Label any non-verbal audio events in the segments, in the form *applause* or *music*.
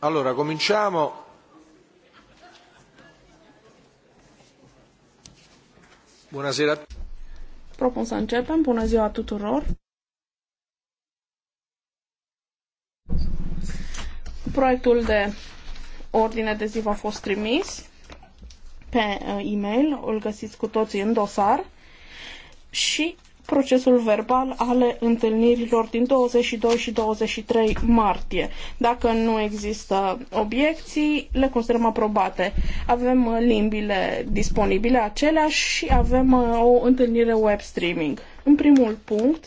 Allora, cominciamo. Bună ziua. Propun să începem. Bună ziua tuturor. Proiectul de ordine de zi a fost trimis pe uh, e-mail. Îl găsiți cu toții în dosar. Și procesul verbal ale întâlnirilor din 22 și 23 martie. Dacă nu există obiecții, le considerăm aprobate. Avem uh, limbile disponibile aceleași și avem uh, o întâlnire web streaming. În primul punct,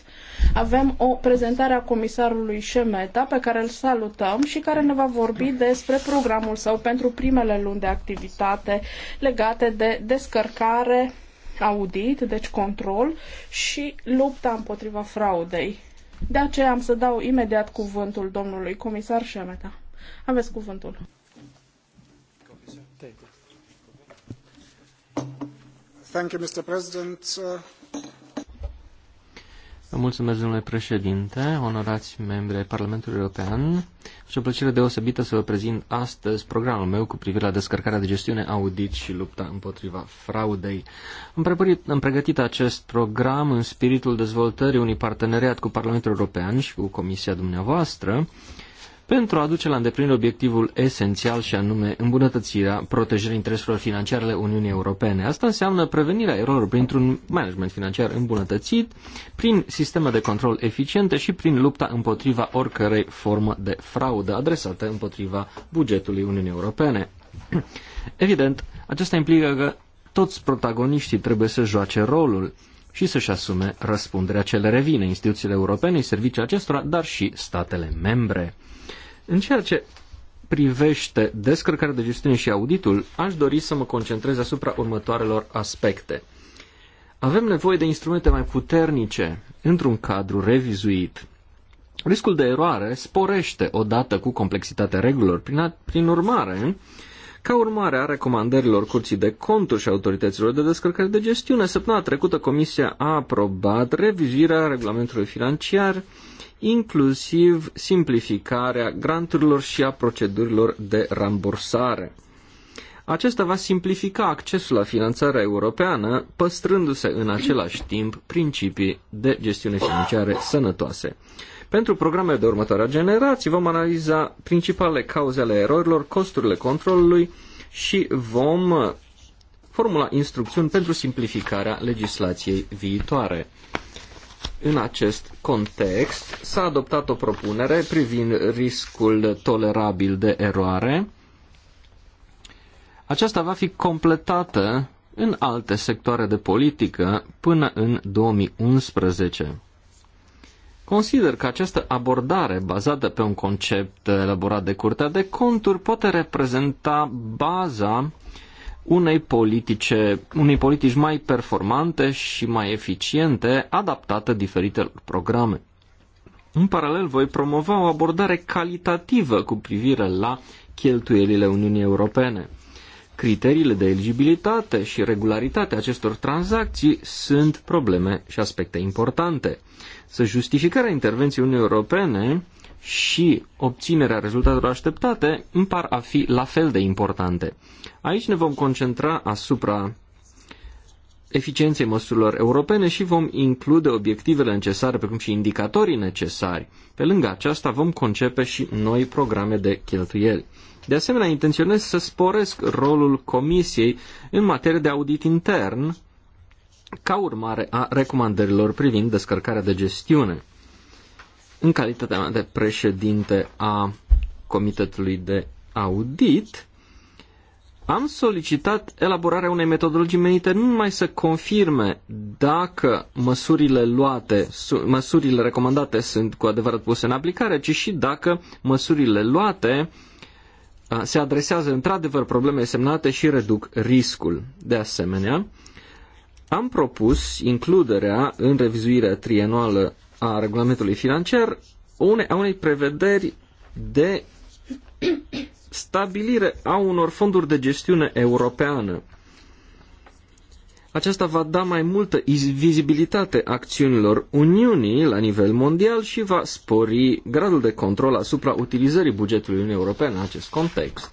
avem o prezentare a comisarului Șemeta, pe care îl salutăm și care ne va vorbi despre programul său pentru primele luni de activitate legate de descărcare audit, deci control, și lupta împotriva fraudei. De aceea am să dau imediat cuvântul domnului comisar Șemeta. Aveți cuvântul. Thank you, Mr. President. Uh, Mulțumesc, domnule președinte, onorați membri ai Parlamentului European. Și o plăcere deosebită să vă prezint astăzi programul meu cu privire la descărcarea de gestiune, audit și lupta împotriva fraudei. Am pregătit, am pregătit acest program în spiritul dezvoltării unui parteneriat cu Parlamentul European și cu Comisia dumneavoastră pentru a aduce la îndeplinire obiectivul esențial și anume îmbunătățirea protejării intereselor financiare ale Uniunii Europene. Asta înseamnă prevenirea erorilor printr-un management financiar îmbunătățit, prin sisteme de control eficiente și prin lupta împotriva oricărei formă de fraudă adresată împotriva bugetului Uniunii Europene. *clears throat* Evident, acesta implică că toți protagoniștii trebuie să joace rolul și să-și asume răspunderea ce le revine instituțiile europene, serviciile acestora, dar și statele membre. În ceea ce privește descărcarea de gestiune și auditul, aș dori să mă concentrez asupra următoarelor aspecte. Avem nevoie de instrumente mai puternice într-un cadru revizuit. Riscul de eroare sporește odată cu complexitatea regulilor. Prin, a, prin urmare, ca urmare a recomandărilor Curții de Conturi și autorităților de descărcare de gestiune, săptămâna trecută Comisia a aprobat revizuirea regulamentului financiar inclusiv simplificarea granturilor și a procedurilor de rambursare. Acesta va simplifica accesul la finanțarea europeană, păstrându-se în același timp principii de gestiune financiare sănătoase. Pentru programele de următoarea generație vom analiza principalele cauze ale erorilor, costurile controlului și vom formula instrucțiuni pentru simplificarea legislației viitoare. În acest context s-a adoptat o propunere privind riscul tolerabil de eroare. Aceasta va fi completată în alte sectoare de politică până în 2011. Consider că această abordare bazată pe un concept elaborat de Curtea de Conturi poate reprezenta baza unei, politice, unei politici mai performante și mai eficiente, adaptată diferitelor programe. În paralel, voi promova o abordare calitativă cu privire la cheltuielile Uniunii Europene. Criteriile de eligibilitate și regularitatea acestor tranzacții sunt probleme și aspecte importante. Să justificarea intervenției Uniunii Europene și obținerea rezultatelor așteptate îmi par a fi la fel de importante. Aici ne vom concentra asupra eficienței măsurilor europene și vom include obiectivele necesare, precum și indicatorii necesari. Pe lângă aceasta vom concepe și noi programe de cheltuieli. De asemenea, intenționez să sporesc rolul Comisiei în materie de audit intern, ca urmare a recomandărilor privind descărcarea de gestiune. În calitatea mea de președinte a Comitetului de Audit, am solicitat elaborarea unei metodologii menite nu numai să confirme dacă măsurile luate, măsurile recomandate sunt cu adevărat puse în aplicare, ci și dacă măsurile luate se adresează într-adevăr probleme semnate și reduc riscul. De asemenea, am propus includerea în revizuirea trienuală a regulamentului financiar une, a unei prevederi de stabilire a unor fonduri de gestiune europeană. Aceasta va da mai multă vizibilitate acțiunilor Uniunii la nivel mondial și va spori gradul de control asupra utilizării bugetului Uniunii Europene în acest context.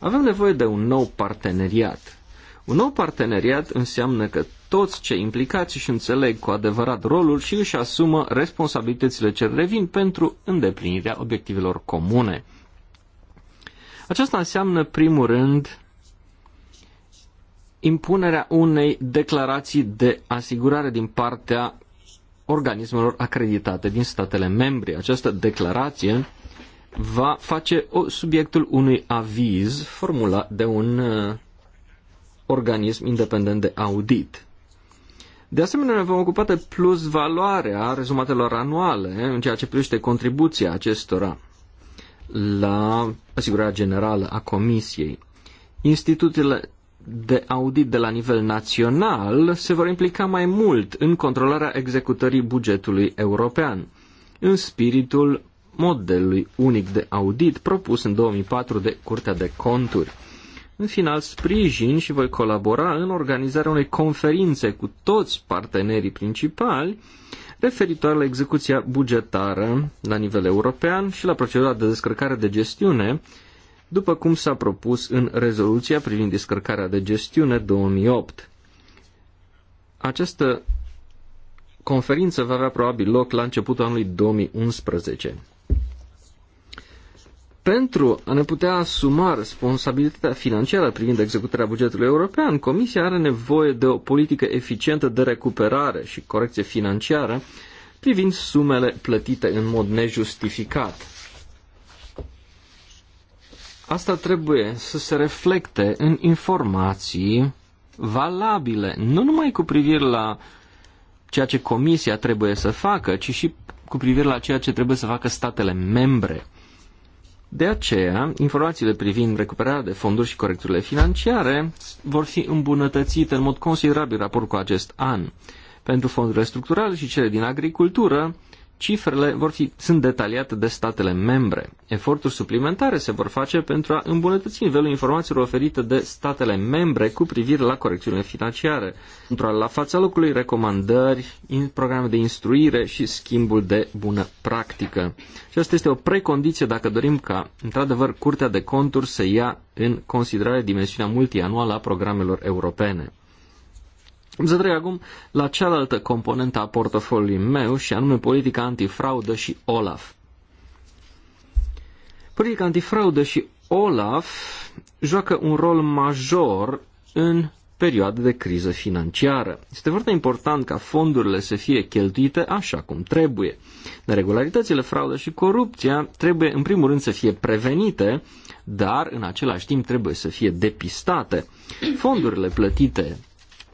Avem nevoie de un nou parteneriat. Un nou parteneriat înseamnă că toți cei implicați și înțeleg cu adevărat rolul și își asumă responsabilitățile ce revin pentru îndeplinirea obiectivelor comune. Aceasta înseamnă, primul rând, impunerea unei declarații de asigurare din partea organismelor acreditate din statele membre. Această declarație va face subiectul unui aviz formulat de un uh, organism independent de audit. De asemenea, ne vom ocupa de plus valoarea rezumatelor anuale în ceea ce privește contribuția acestora la asigurarea generală a Comisiei. Institutele de audit de la nivel național se vor implica mai mult în controlarea executării bugetului european, în spiritul modelului unic de audit propus în 2004 de Curtea de Conturi. În final, sprijin și voi colabora în organizarea unei conferințe cu toți partenerii principali referitoare la execuția bugetară la nivel european și la procedura de descărcare de gestiune, după cum s-a propus în rezoluția privind descărcarea de gestiune 2008. Această conferință va avea probabil loc la începutul anului 2011. Pentru a ne putea asuma responsabilitatea financiară privind executarea bugetului european, Comisia are nevoie de o politică eficientă de recuperare și corecție financiară privind sumele plătite în mod nejustificat. Asta trebuie să se reflecte în informații valabile, nu numai cu privire la ceea ce Comisia trebuie să facă, ci și cu privire la ceea ce trebuie să facă statele membre de aceea, informațiile privind recuperarea de fonduri și corecturile financiare vor fi îmbunătățite în mod considerabil raport cu acest an. Pentru fondurile structurale și cele din agricultură, Cifrele vor fi, sunt detaliate de statele membre. Eforturi suplimentare se vor face pentru a îmbunătăți nivelul informațiilor oferite de statele membre cu privire la corecțiunile financiare, pentru a la fața locului recomandări, programe de instruire și schimbul de bună practică. Și asta este o precondiție dacă dorim ca, într-adevăr, Curtea de Conturi să ia în considerare dimensiunea multianuală a programelor europene. Îmi să acum la cealaltă componentă a portofoliului meu și anume politica antifraudă și OLAF. Politica antifraudă și OLAF joacă un rol major în perioada de criză financiară. Este foarte important ca fondurile să fie cheltuite așa cum trebuie. Neregularitățile, fraudă și corupția trebuie în primul rând să fie prevenite, dar în același timp trebuie să fie depistate. Fondurile plătite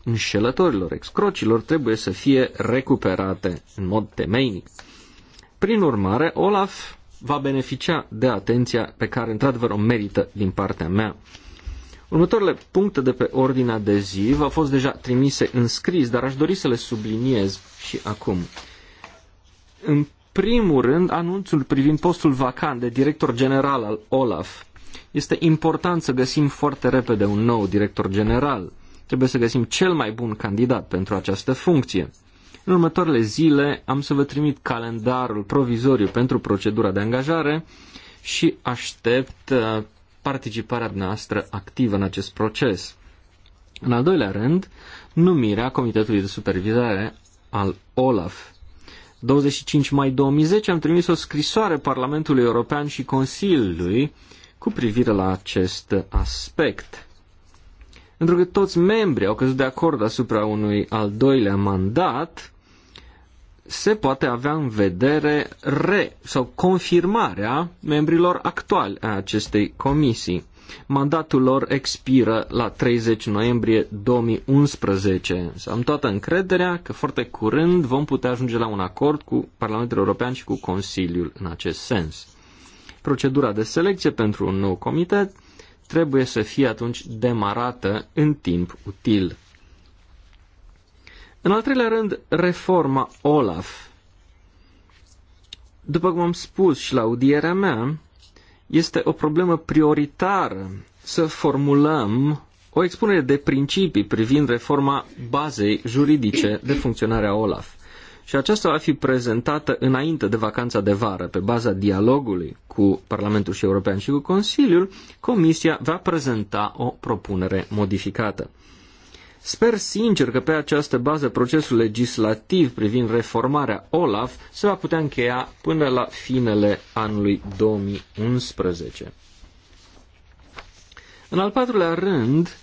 înșelătorilor, excrocilor, trebuie să fie recuperate în mod temeinic. Prin urmare, Olaf va beneficia de atenția pe care, într-adevăr, o merită din partea mea. Următoarele puncte de pe ordinea de zi v-au fost deja trimise în scris, dar aș dori să le subliniez și acum. În primul rând, anunțul privind postul vacant de director general al OLAF. Este important să găsim foarte repede un nou director general. Trebuie să găsim cel mai bun candidat pentru această funcție. În următoarele zile am să vă trimit calendarul provizoriu pentru procedura de angajare și aștept uh, participarea noastră activă în acest proces. În al doilea rând, numirea Comitetului de Supervizare al OLAF. 25 mai 2010 am trimis o scrisoare Parlamentului European și Consiliului cu privire la acest aspect pentru că toți membrii au căzut de acord asupra unui al doilea mandat, se poate avea în vedere re sau confirmarea membrilor actuali a acestei comisii. Mandatul lor expiră la 30 noiembrie 2011. Să am toată încrederea că foarte curând vom putea ajunge la un acord cu Parlamentul European și cu Consiliul în acest sens. Procedura de selecție pentru un nou comitet trebuie să fie atunci demarată în timp util. În al treilea rând, reforma OLAF. După cum am spus și la audierea mea, este o problemă prioritară să formulăm o expunere de principii privind reforma bazei juridice de funcționare a OLAF și aceasta va fi prezentată înainte de vacanța de vară. Pe baza dialogului cu Parlamentul și European și cu Consiliul, Comisia va prezenta o propunere modificată. Sper sincer că pe această bază procesul legislativ privind reformarea OLAF se va putea încheia până la finele anului 2011. În al patrulea rând,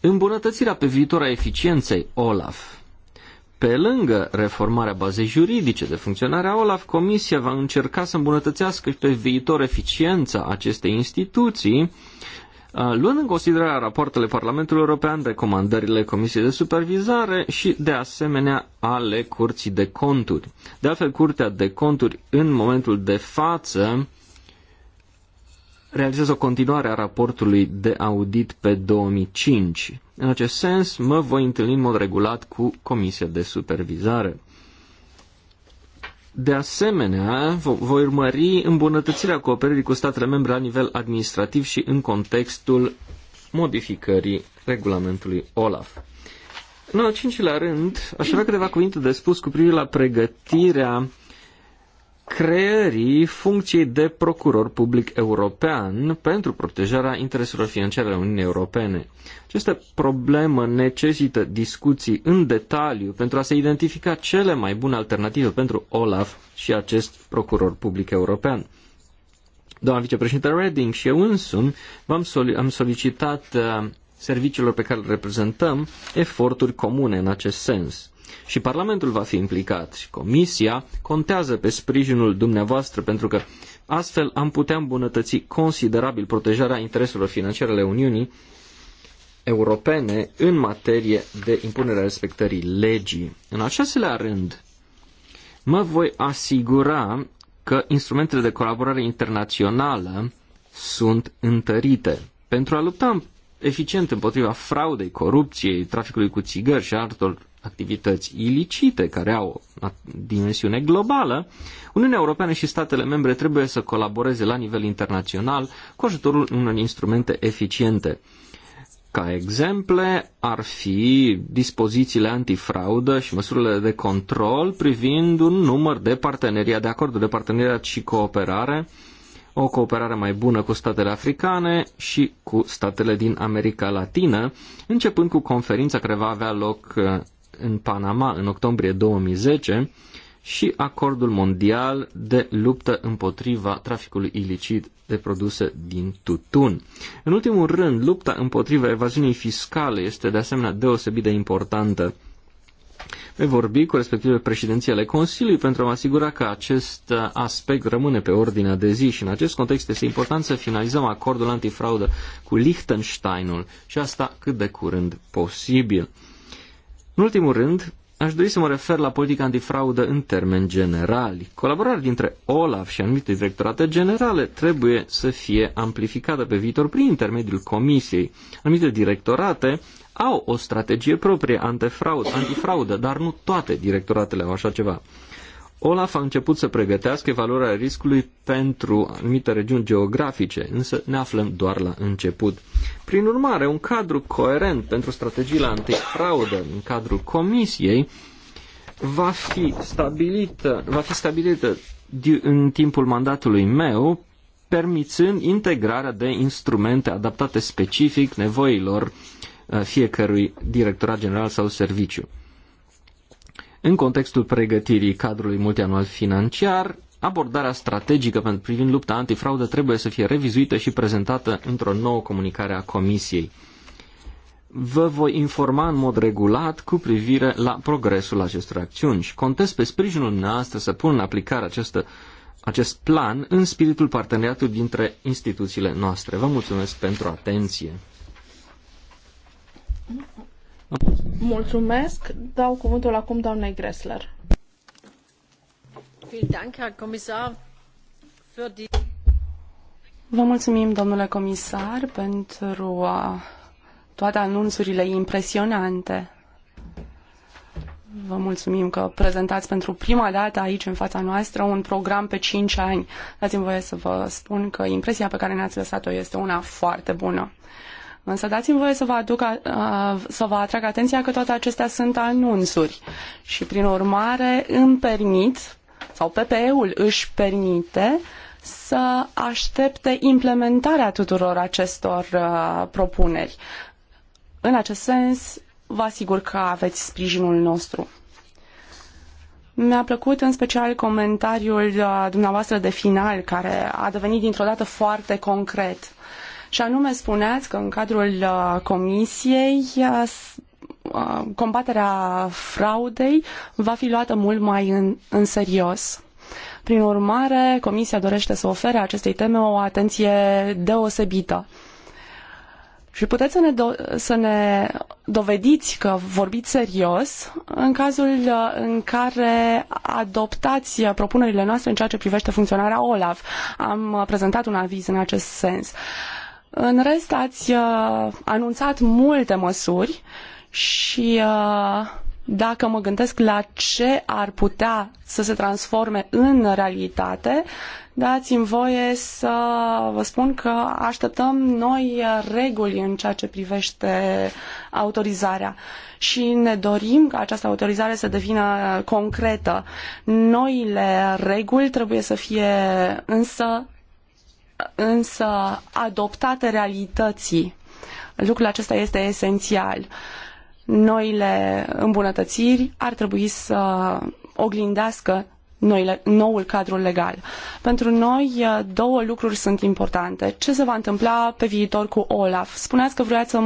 îmbunătățirea pe viitor a eficienței OLAF. Pe lângă reformarea bazei juridice de funcționare a OLAF, Comisia va încerca să îmbunătățească și pe viitor eficiența acestei instituții, luând în considerare rapoartele Parlamentului European, recomandările Comisiei de Supervizare și, de asemenea, ale Curții de Conturi. De altfel, Curtea de Conturi, în momentul de față, realizez o continuare a raportului de audit pe 2005. În acest sens, mă voi întâlni în mod regulat cu Comisia de Supervizare. De asemenea, voi urmări îmbunătățirea cooperării cu statele membre la nivel administrativ și în contextul modificării regulamentului OLAF. În al cincilea rând, aș avea câteva cuvinte de spus cu privire la pregătirea creării funcției de procuror public european pentru protejarea intereselor financiare ale Uniunii Europene. Această problemă necesită discuții în detaliu pentru a se identifica cele mai bune alternative pentru Olaf și acest procuror public european. Doamna vicepreședinte Redding și eu însumi am am solicitat uh, serviciilor pe care le reprezentăm eforturi comune în acest sens și Parlamentul va fi implicat și Comisia contează pe sprijinul dumneavoastră pentru că astfel am putea îmbunătăți considerabil protejarea intereselor financiare ale Uniunii europene în materie de impunerea respectării legii. În al șaselea rând, mă voi asigura că instrumentele de colaborare internațională sunt întărite pentru a lupta eficient împotriva fraudei, corupției, traficului cu țigări și altor activități ilicite care au o dimensiune globală, Uniunea Europeană și statele membre trebuie să colaboreze la nivel internațional cu ajutorul unor instrumente eficiente. Ca exemple ar fi dispozițiile antifraudă și măsurile de control privind un număr de parteneriat, de acorduri de parteneriat și cooperare, o cooperare mai bună cu statele africane și cu statele din America Latină, începând cu conferința care va avea loc în Panama în octombrie 2010 și Acordul Mondial de luptă împotriva traficului ilicit de produse din tutun. În ultimul rând, lupta împotriva evaziunii fiscale este de asemenea deosebit de importantă. Voi vorbi cu respectivele președinții ale Consiliului pentru a mă asigura că acest aspect rămâne pe ordinea de zi și în acest context este important să finalizăm acordul antifraudă cu Liechtensteinul și asta cât de curând posibil. În ultimul rând, aș dori să mă refer la politica antifraudă în termeni generali. Colaborarea dintre OLAF și anumite directorate generale trebuie să fie amplificată pe viitor prin intermediul comisiei. Anumite directorate au o strategie proprie antifraudă, antifraudă dar nu toate directoratele au așa ceva. Olaf a început să pregătească evaluarea riscului pentru anumite regiuni geografice, însă ne aflăm doar la început. Prin urmare, un cadru coerent pentru strategiile antifraudă în cadrul Comisiei va fi stabilită, va fi stabilită în timpul mandatului meu, permițând integrarea de instrumente adaptate specific nevoilor uh, fiecărui directorat general sau serviciu. În contextul pregătirii cadrului multianual financiar, abordarea strategică pentru privind lupta antifraudă trebuie să fie revizuită și prezentată într-o nouă comunicare a Comisiei. Vă voi informa în mod regulat cu privire la progresul acestor acțiuni și contez pe sprijinul noastră să pun în aplicare această, acest plan în spiritul parteneriatului dintre instituțiile noastre. Vă mulțumesc pentru atenție. Mulțumesc. Mulțumesc. Dau cuvântul acum doamnei Gressler. Vă mulțumim, domnule comisar, pentru toate anunțurile impresionante. Vă mulțumim că prezentați pentru prima dată aici în fața noastră un program pe cinci ani. Dați-mi voie să vă spun că impresia pe care ne-ați lăsat-o este una foarte bună. Însă dați-mi voie să vă, aduc, să vă atrag atenția că toate acestea sunt anunțuri și prin urmare îmi permit sau PPE-ul își permite să aștepte implementarea tuturor acestor propuneri. În acest sens, vă asigur că aveți sprijinul nostru. Mi-a plăcut în special comentariul dumneavoastră de final, care a devenit dintr-o dată foarte concret. Și anume spuneați că în cadrul uh, comisiei uh, uh, combaterea fraudei va fi luată mult mai în, în serios. Prin urmare, Comisia dorește să ofere acestei teme o atenție deosebită. Și puteți să ne, do- să ne dovediți că vorbiți serios în cazul în care adoptați propunerile noastre în ceea ce privește funcționarea OLAF. Am prezentat un aviz în acest sens. Uh, în rest, ați uh, anunțat multe măsuri și uh, dacă mă gândesc la ce ar putea să se transforme în realitate, dați-mi voie să vă spun că așteptăm noi reguli în ceea ce privește autorizarea și ne dorim ca această autorizare să devină concretă. Noile reguli trebuie să fie însă însă adoptate realității. Lucrul acesta este esențial. Noile îmbunătățiri ar trebui să oglindească noile, noul cadru legal. Pentru noi, uh, două lucruri sunt importante. Ce se va întâmpla pe viitor cu OLAF? Spuneați că, vreți, să,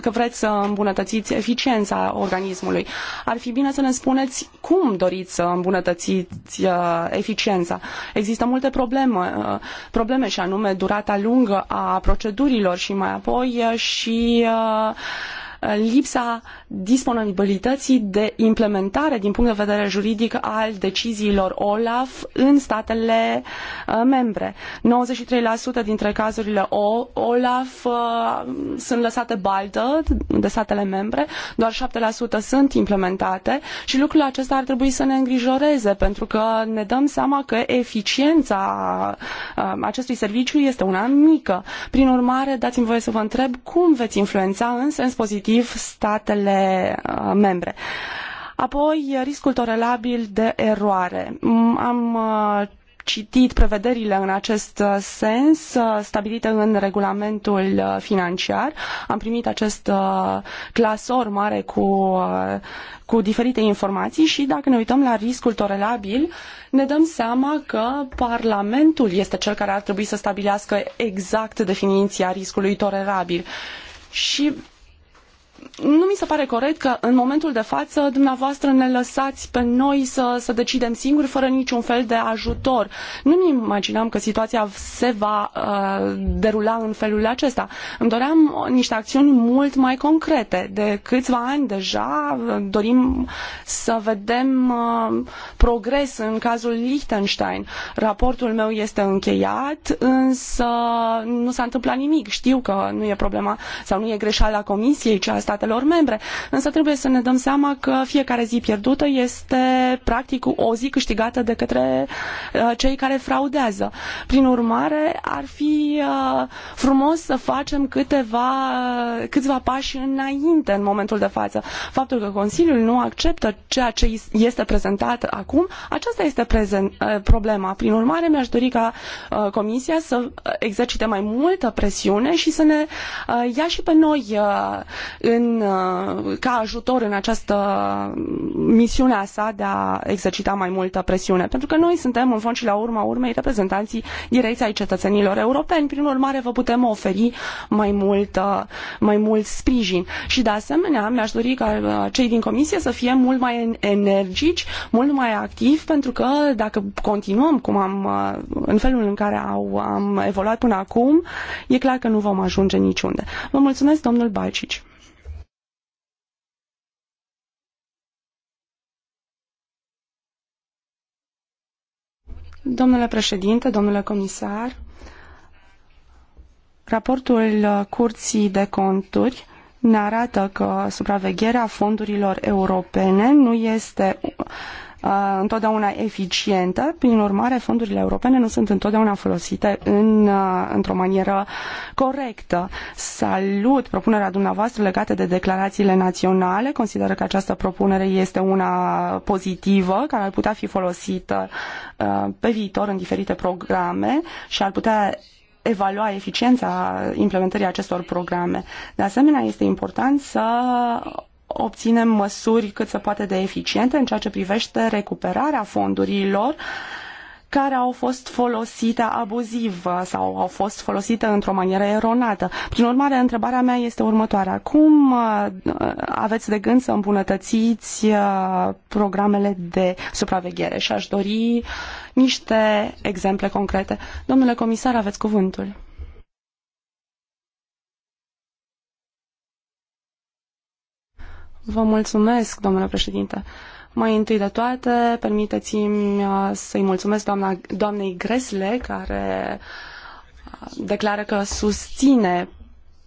că vreți să îmbunătățiți eficiența organismului. Ar fi bine să ne spuneți cum doriți să îmbunătățiți uh, eficiența. Există multe probleme, uh, probleme și anume durata lungă a procedurilor și mai apoi și lipsa disponibilității de implementare din punct de vedere juridic al deciziilor OLAF în statele uh, membre. 93% dintre cazurile OLAF uh, sunt lăsate baltă de statele membre, doar 7% sunt implementate și lucrul acesta ar trebui să ne îngrijoreze pentru că ne dăm seama că eficiența uh, acestui serviciu este una mică. Prin urmare, dați-mi voie să vă întreb cum veți influența în sens pozitiv statele Uh, membre. Apoi, riscul tolerabil de eroare. Mm, am uh, citit prevederile în acest uh, sens stabilite în regulamentul financiar. Am primit acest clasor mare cu, cu diferite informații și dacă ne uităm la riscul tolerabil, ne dăm seama că Parlamentul este cel care ar trebui să stabilească exact definiția riscului tolerabil. Și nu mi se pare corect că în momentul de față dumneavoastră ne lăsați pe noi să, să decidem singuri fără niciun fel de ajutor. Nu mi imaginam că situația se va uh, derula în felul acesta. Îmi doream niște acțiuni mult mai concrete. De câțiva ani deja uh, dorim să vedem uh, progres în cazul Liechtenstein. Raportul meu este încheiat, însă nu s-a întâmplat nimic. Știu că nu e problema sau nu e greșeala comisiei, ci asta statelor membre. Însă trebuie să ne dăm seama că fiecare zi pierdută este practic o zi câștigată de către uh, cei care fraudează. Prin urmare, ar fi uh, frumos să facem câteva, uh, câțiva pași înainte în momentul de față. Faptul că Consiliul nu acceptă ceea ce este prezentat acum, aceasta este prezent, problema. Prin urmare, mi-aș dori ca Comisia să exercite mai multă presiune și să ne ia și pe noi în în, uh, ca ajutor în această a sa de a exercita mai multă presiune. Pentru că noi suntem, în fond și la urma urmei, reprezentanții direcți ai cetățenilor europeni. Prin urmare, vă putem oferi mai mult, mai mult sprijin. Și, de asemenea, mi-aș dori ca uh, cei din comisie să fie mult mai energici, mult mai activi, pentru că dacă continuăm cum am, uh, în felul în care au, am evoluat până acum, e clar că nu vom ajunge niciunde. Vă mulțumesc, domnul Balcici. Domnule președinte, domnule comisar, raportul uh, Curții de Conturi ne arată că supravegherea fondurilor europene nu este Uh, întotdeauna eficientă, prin urmare fondurile europene nu sunt întotdeauna folosite în, uh, într-o manieră corectă. Salut propunerea dumneavoastră legată de declarațiile naționale, consider că această propunere este una pozitivă, care ar putea fi folosită uh, pe viitor în diferite programe și ar putea evalua eficiența implementării acestor programe. De asemenea, este important să obținem măsuri cât se poate de eficiente în ceea ce privește recuperarea fondurilor care au fost folosite abuziv sau au fost folosite într-o manieră eronată. Prin urmare, întrebarea mea este următoarea. Cum uh, aveți de gând să îmbunătățiți uh, programele de supraveghere? Și aș dori niște exemple concrete. Domnule comisar, aveți cuvântul. Vă mulțumesc, domnule președinte. Mai întâi de toate, permiteți-mi uh, să-i mulțumesc doamna, doamnei Gresle, care uh, declară că susține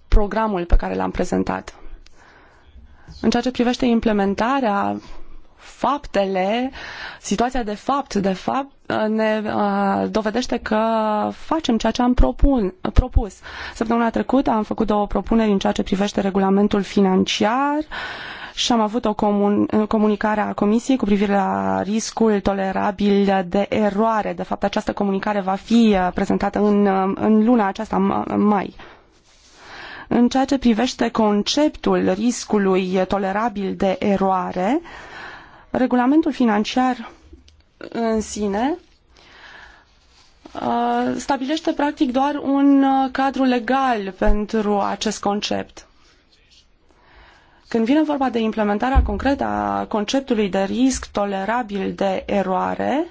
programul pe care l-am prezentat. În ceea ce privește implementarea, faptele, situația de fapt, de fapt, uh, ne dovedește că facem ceea ce am propun, propus. Săptămâna trecută am făcut două propuneri în ceea ce privește regulamentul financiar și am avut o comun- comunicare a Comisiei cu privire la riscul tolerabil de eroare. De fapt, această comunicare va fi uh, prezentată în, uh, în luna aceasta, uh, mai în ceea ce privește conceptul riscului tolerabil de eroare, regulamentul financiar în sine stabilește practic doar un cadru legal pentru acest concept. Când vine vorba de implementarea concretă a conceptului de risc tolerabil de eroare,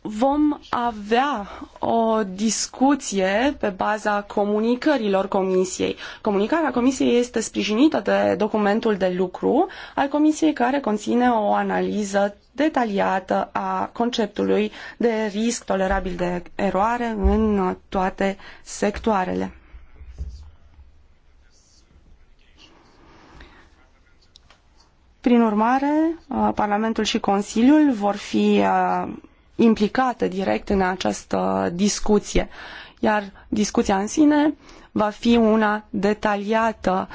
vom avea o discuție pe baza comunicărilor Comisiei. Comunicarea Comisiei este sprijinită de documentul de lucru al Comisiei care conține o analiză detaliată a conceptului de risc tolerabil de eroare în toate sectoarele. Prin urmare, uh, Parlamentul și Consiliul vor fi uh, implicate direct în această discuție, iar discuția în sine va fi una detaliată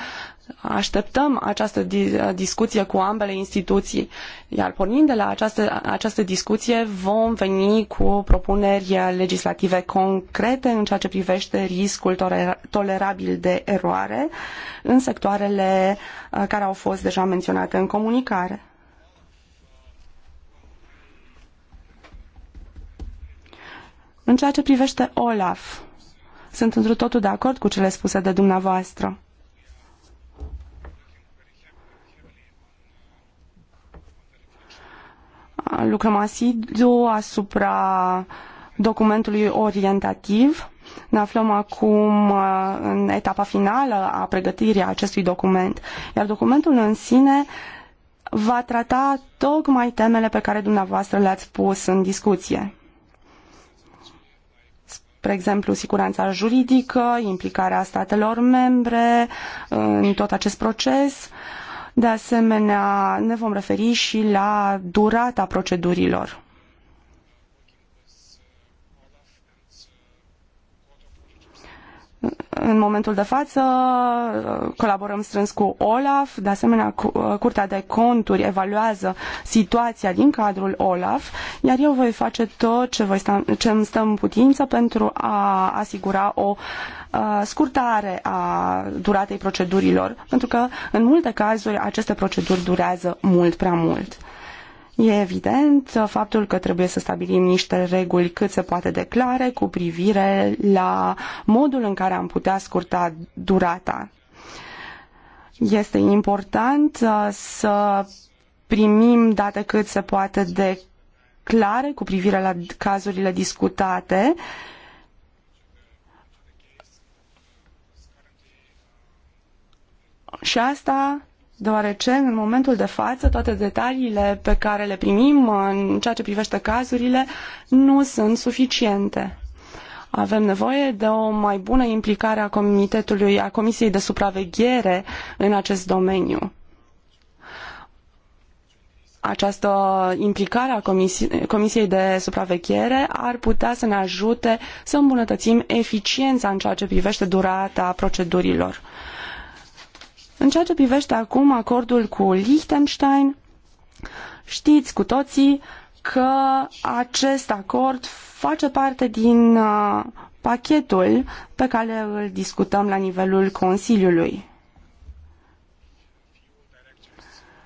Așteptăm această discuție cu ambele instituții, iar pornind de la această, această discuție vom veni cu propuneri legislative concrete în ceea ce privește riscul tolerabil de eroare în sectoarele uh, care au fost deja menționate în comunicare. În ceea ce privește Olaf, sunt într totul de acord cu cele spuse de dumneavoastră. lucrăm asidu asupra documentului orientativ. Ne aflăm acum uh, în etapa finală a pregătirii acestui document, iar documentul în sine va trata tocmai temele pe care dumneavoastră le-ați pus în discuție spre exemplu, siguranța juridică, implicarea statelor membre uh, în tot acest proces. De asemenea, ne vom referi și la durata procedurilor. în momentul de față colaborăm strâns cu OLAF, de asemenea Curtea de Conturi evaluează situația din cadrul OLAF, iar eu voi face tot ce, voi sta, ce îmi stă în putință pentru a asigura o uh, scurtare a duratei procedurilor, pentru că în multe cazuri aceste proceduri durează mult prea mult. E evident faptul că trebuie să stabilim niște reguli cât se poate de clare cu privire la modul în care am putea scurta durata. Este important uh, să primim date cât se poate de clare cu privire la cazurile discutate și asta deoarece în momentul de față toate detaliile pe care le primim în ceea ce privește cazurile nu sunt suficiente. Avem nevoie de o mai bună implicare a comitetului, a Comisiei de Supraveghere în acest domeniu. Această implicare a Comisiei, Comisiei de Supraveghere ar putea să ne ajute să îmbunătățim eficiența în ceea ce privește durata procedurilor. Uh, în ceea ce privește acum acordul cu Liechtenstein, știți cu toții că acest acord face parte din uh, pachetul pe care îl discutăm la nivelul Consiliului.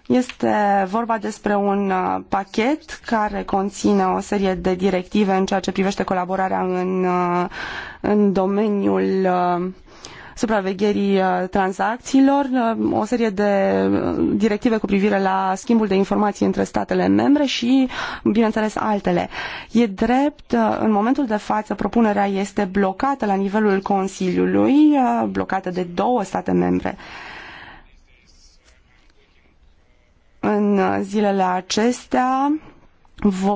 Este vorba despre un uh, pachet care conține o serie de directive în ceea ce privește colaborarea în, uh, în domeniul supravegherii uh, tranzacțiilor, uh, o serie de uh, directive cu privire la schimbul de informații între statele membre și, bineînțeles, altele. E drept, în momentul de față, propunerea este blocată la nivelul Consiliului, blocată de două state membre. În zilele acestea,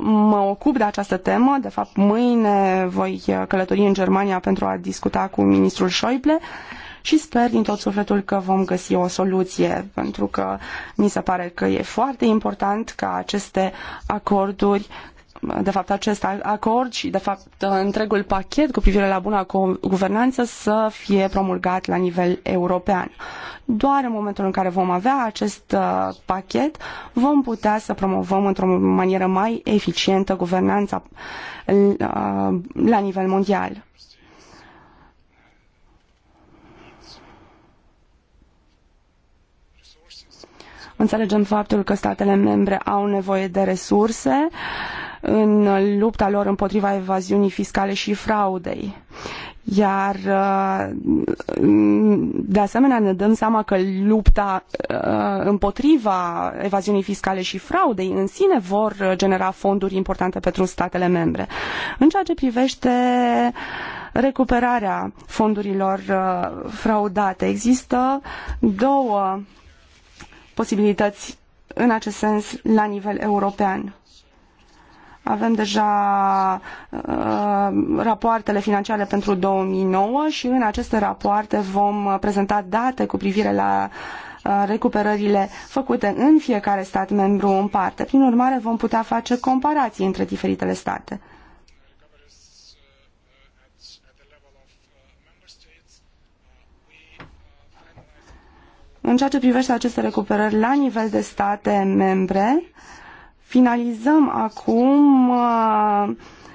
mă ocup de această temă. De fapt, mâine voi călători în Germania pentru a discuta cu ministrul Schäuble și sper din tot sufletul că vom găsi o soluție, pentru că mi se pare că e foarte important ca aceste acorduri de fapt acest acord și de fapt întregul pachet cu privire la buna guvernanță să fie promulgat la nivel european. Doar în momentul în care vom avea acest uh, pachet vom putea să promovăm într-o manieră mai eficientă guvernanța uh, la nivel mondial. Înțelegem faptul că statele membre au nevoie de resurse în lupta lor împotriva evaziunii fiscale și fraudei. Iar, uh, de asemenea, ne dăm seama că lupta uh, împotriva evaziunii fiscale și fraudei în sine vor genera fonduri importante pentru statele membre. În ceea ce privește recuperarea fondurilor uh, fraudate, există două posibilități în acest sens la nivel european. Avem deja uh, rapoartele financiare pentru 2009 și în aceste rapoarte vom prezenta date cu privire la uh, recuperările făcute în fiecare stat membru în parte. Prin urmare, vom putea face comparații între diferitele state. În ceea ce privește aceste recuperări la nivel de state membre, finalizăm acum uh,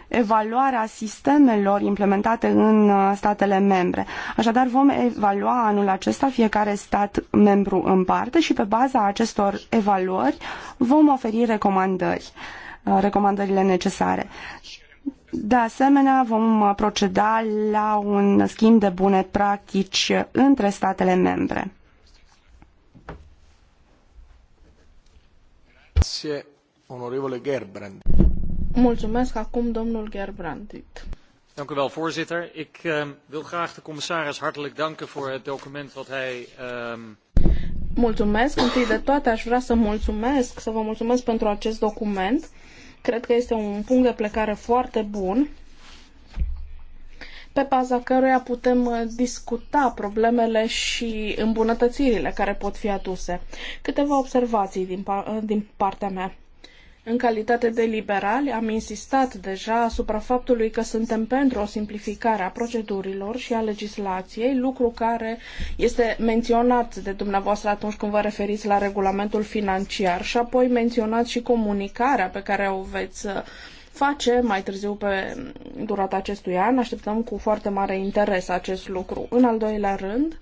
evaluarea sistemelor implementate în uh, statele membre. Așadar, vom evalua anul acesta fiecare stat membru în parte și pe baza acestor evaluări vom oferi recomandări, uh, recomandările necesare. De asemenea, vom proceda la un schimb de bune practici între statele membre. Mulțumesc acum domnul voorzitter. Ik ehm, wil graag de commissaris hartelijk danken voor het document dat hij. Ehm, mulțumesc. Întâi de toate aș vrea să mulțumesc, să vă mulțumesc pentru acest document. Cred că este un punct de plecare foarte bun pe baza căruia putem uh, discuta problemele și îmbunătățirile care pot fi aduse. Câteva observații din, uh, din partea mea. În calitate de liberali, am insistat deja asupra faptului că suntem pentru o simplificare a procedurilor și a legislației, lucru care este menționat de dumneavoastră atunci când vă referiți la regulamentul financiar și apoi menționat și comunicarea pe care o veți uh, face mai târziu pe durata acestui an. Așteptăm cu foarte mare interes acest lucru. În al doilea rând,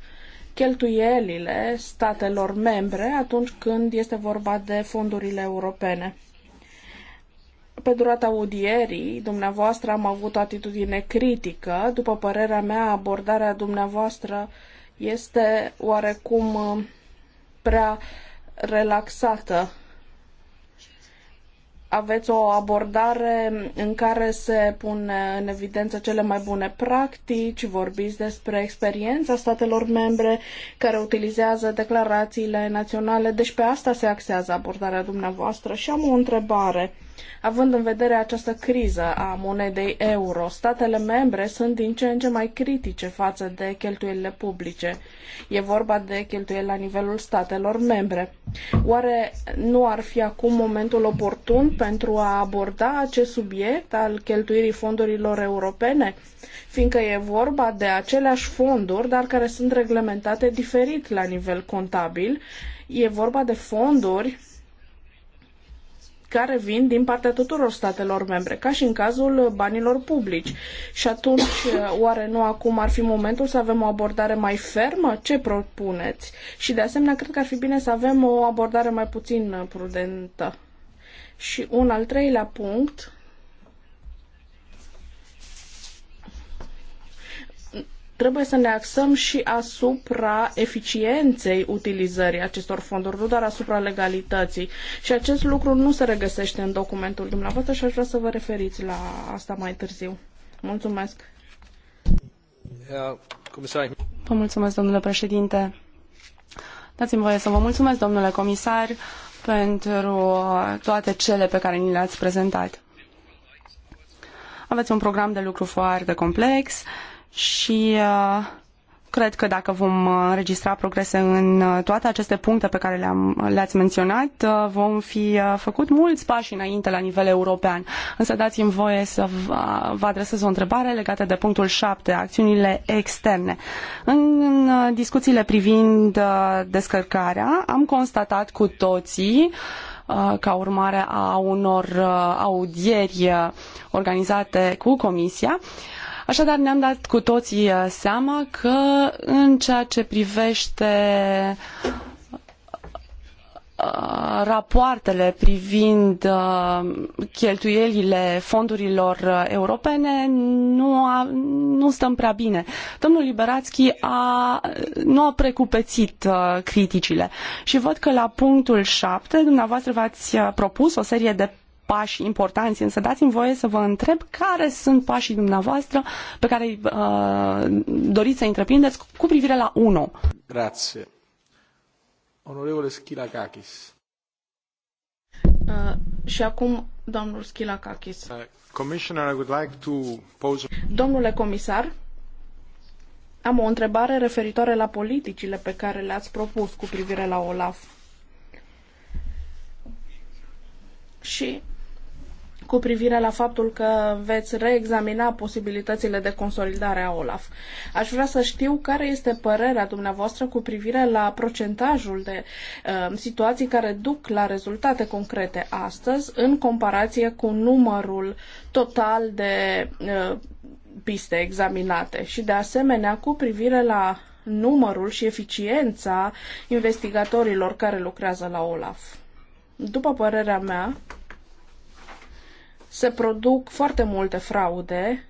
cheltuielile statelor membre atunci când este vorba de fondurile europene. Pe durata audierii, dumneavoastră am avut o atitudine critică. După părerea mea, abordarea dumneavoastră este oarecum uh, prea relaxată aveți o abordare în care se pune în evidență cele mai bune practici, vorbiți despre experiența statelor membre care utilizează declarațiile naționale, deci pe asta se axează abordarea dumneavoastră. Și am o întrebare. Având în vedere această criză a monedei euro, statele membre sunt din ce în ce mai critice față de cheltuielile publice. E vorba de cheltuieli la nivelul statelor membre. Oare nu ar fi acum momentul oportun pentru a aborda acest subiect al cheltuirii fondurilor europene? Fiindcă e vorba de aceleași fonduri, dar care sunt reglementate diferit la nivel contabil, e vorba de fonduri care vin din partea tuturor statelor membre, ca și în cazul banilor publici. Și atunci, oare nu acum ar fi momentul să avem o abordare mai fermă? Ce propuneți? Și de asemenea, cred că ar fi bine să avem o abordare mai puțin prudentă. Și un al treilea punct trebuie să ne axăm și asupra eficienței utilizării acestor fonduri, nu doar asupra legalității. Și acest lucru nu se regăsește în documentul dumneavoastră și aș vrea să vă referiți la asta mai târziu. Mulțumesc. Vă mulțumesc, domnule președinte. Dați-mi voie să vă mulțumesc, domnule comisar, pentru toate cele pe care ni le-ați prezentat. Aveți un program de lucru foarte complex. Uh, și uh, cred că dacă vom uh, înregistra progrese în uh, toate aceste puncte pe care le-am, le-ați menționat, vom fi făcut mulți pași înainte la nivel european. Însă dați-mi voie să vă adresez o întrebare legată de punctul 7, acțiunile externe. În discuțiile privind descărcarea, am constatat cu toții ca urmare a unor audieri organizate cu Comisia, Așadar ne-am dat cu toții uh, seama că în ceea ce privește uh, rapoartele privind uh, cheltuielile fondurilor europene nu, a, nu stăm prea bine. Domnul Liberațchi a, nu a precupețit criticile și văd că la punctul 7 dumneavoastră v-ați propus o serie de pași importanți, însă dați-mi voie să vă întreb care sunt pașii dumneavoastră pe care îi uh, doriți să întreprindeți cu privire la UNO. Grație. Onorevole Schilakakis. Uh, și acum, domnul Schilakakis. Uh, commissioner, I would like to pose... Domnule comisar, am o întrebare referitoare la politicile pe care le-ați propus cu privire la OLAF. Și cu privire la faptul că veți reexamina posibilitățile de consolidare a OLAF. Aș vrea să știu care este părerea dumneavoastră cu privire la procentajul de uh, situații care duc la rezultate concrete astăzi în comparație cu numărul total de uh, piste examinate și de asemenea cu privire la numărul și eficiența investigatorilor care lucrează la OLAF. După părerea mea, se produc foarte multe fraude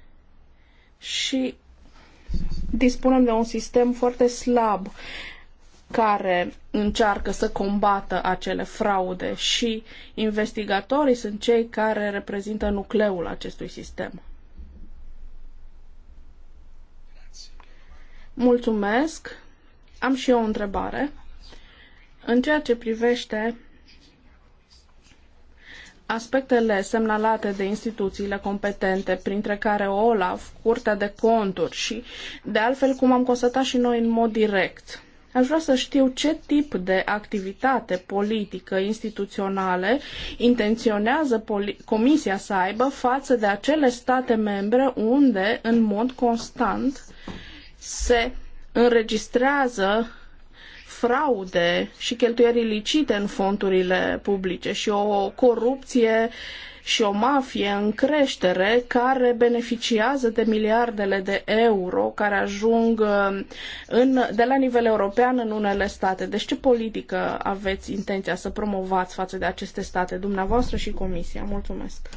și dispunem de un sistem foarte slab care încearcă să combată acele fraude și investigatorii sunt cei care reprezintă nucleul acestui sistem. Mulțumesc. Am și eu o întrebare. În ceea ce privește Aspectele semnalate de instituțiile competente, printre care OLAF, Curtea de Conturi și, de altfel, cum am constatat și noi în mod direct, Aș vrea să știu ce tip de activitate politică instituționale intenționează Comisia să aibă față de acele state membre unde, în mod constant, se înregistrează fraude și cheltuieri ilicite în fondurile publice și o corupție și o mafie în creștere care beneficiază de miliardele de euro care ajung uh, în, de la nivel european în unele state. Deci ce politică aveți intenția să promovați față de aceste state, dumneavoastră și Comisia? Mulțumesc!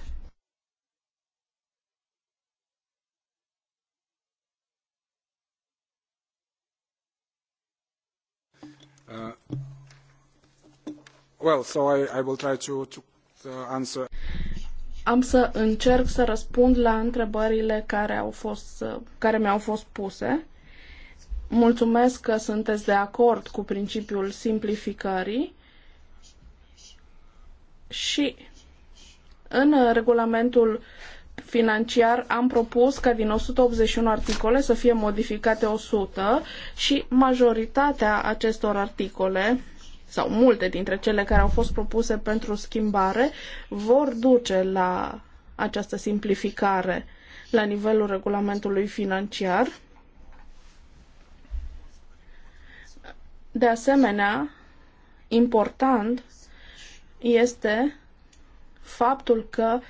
Am să încerc să răspund la întrebările care, au fost, uh, care mi-au fost puse. Mulțumesc că sunteți de acord cu principiul simplificării și în regulamentul financiar am propus ca din 181 articole să fie modificate 100 și majoritatea acestor articole sau multe dintre cele care au fost propuse pentru schimbare vor duce la această simplificare la nivelul regulamentului financiar. De asemenea, important este faptul că uh,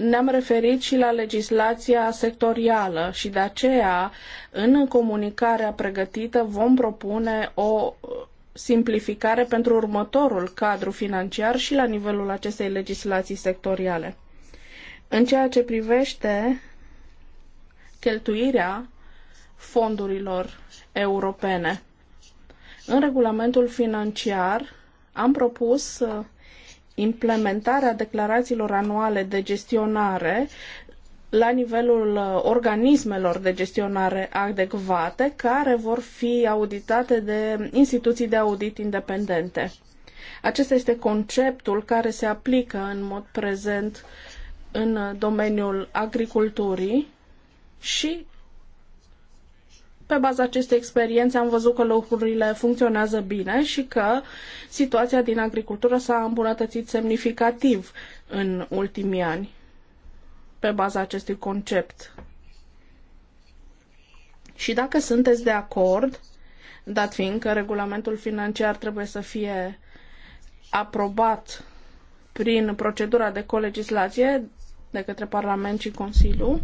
ne-am referit și la legislația sectorială și de aceea, în comunicarea pregătită, vom propune o simplificare pentru următorul cadru financiar și la nivelul acestei legislații sectoriale. În ceea ce privește cheltuirea fondurilor europene, în regulamentul financiar am propus uh, implementarea declarațiilor anuale de gestionare la nivelul uh, organismelor de gestionare adecvate care vor fi auditate de instituții de audit independente. Acesta este conceptul care se aplică în mod prezent în domeniul agriculturii și pe baza acestei experiențe am văzut că lucrurile funcționează bine și că situația din agricultură s-a îmbunătățit semnificativ în ultimii ani pe baza acestui concept. Și dacă sunteți de acord, dat fiind că regulamentul financiar trebuie să fie aprobat prin procedura de colegislație de către Parlament și Consiliu,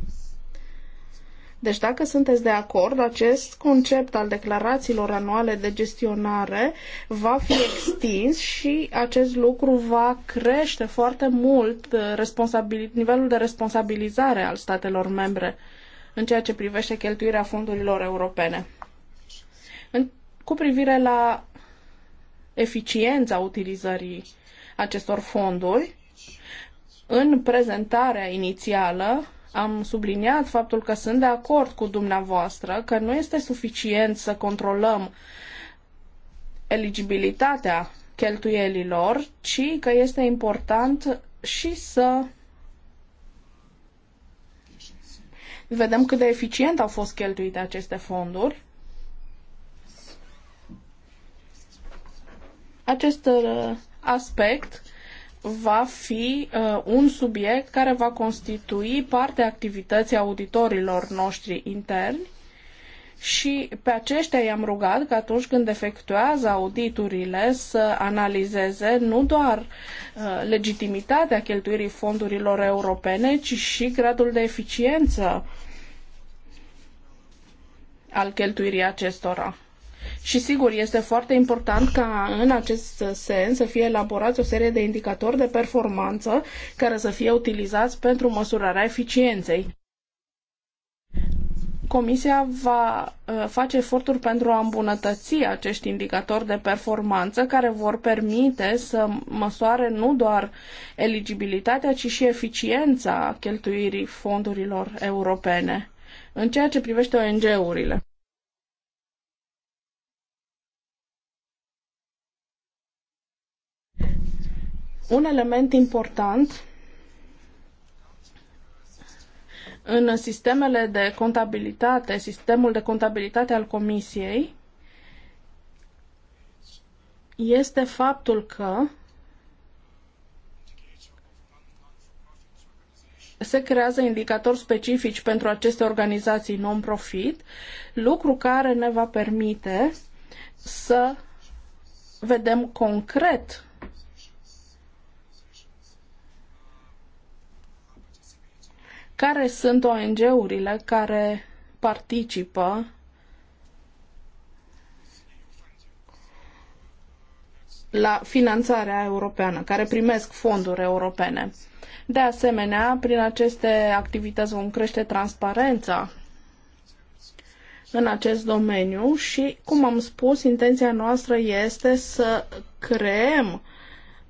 deci dacă sunteți de acord, acest concept al declarațiilor anuale de gestionare va fi extins și acest lucru va crește foarte mult uh, nivelul de responsabilizare al statelor membre în ceea ce privește cheltuirea fondurilor europene. În, cu privire la eficiența utilizării acestor fonduri, în prezentarea inițială, am subliniat faptul că sunt de acord cu dumneavoastră că nu este suficient să controlăm eligibilitatea cheltuielilor, ci că este important și să vedem cât de eficient au fost cheltuite aceste fonduri. Acest uh, aspect va fi uh, un subiect care va constitui parte a activității auditorilor noștri interni și pe aceștia i-am rugat că atunci când efectuează auditurile să analizeze nu doar uh, legitimitatea cheltuirii fondurilor europene, ci și gradul de eficiență al cheltuirii acestora. Și sigur, este foarte important ca în acest sens să fie elaborați o serie de indicatori de performanță care să fie utilizați pentru măsurarea eficienței. Comisia va uh, face eforturi pentru a îmbunătăți acești indicatori de performanță care vor permite să măsoare nu doar eligibilitatea, ci și eficiența cheltuirii fondurilor europene în ceea ce privește ONG-urile. Un element important în sistemele de contabilitate, sistemul de contabilitate al Comisiei, este faptul că se creează indicatori specifici pentru aceste organizații non-profit, lucru care ne va permite să vedem concret care sunt ONG-urile care participă la finanțarea europeană, care primesc fonduri europene. De asemenea, prin aceste activități vom crește transparența în acest domeniu și, cum am spus, intenția noastră este să creăm